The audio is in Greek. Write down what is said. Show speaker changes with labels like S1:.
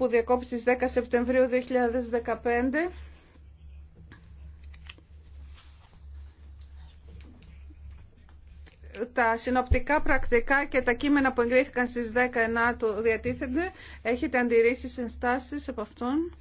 S1: που διακόπησε στις 10 Σεπτεμβρίου 2015 τα συνοπτικά πρακτικά και τα κείμενα που εγκρίθηκαν στις 19 του διατίθενται. Έχετε αντιρρήσεις, ενστάσεις από αυτόν.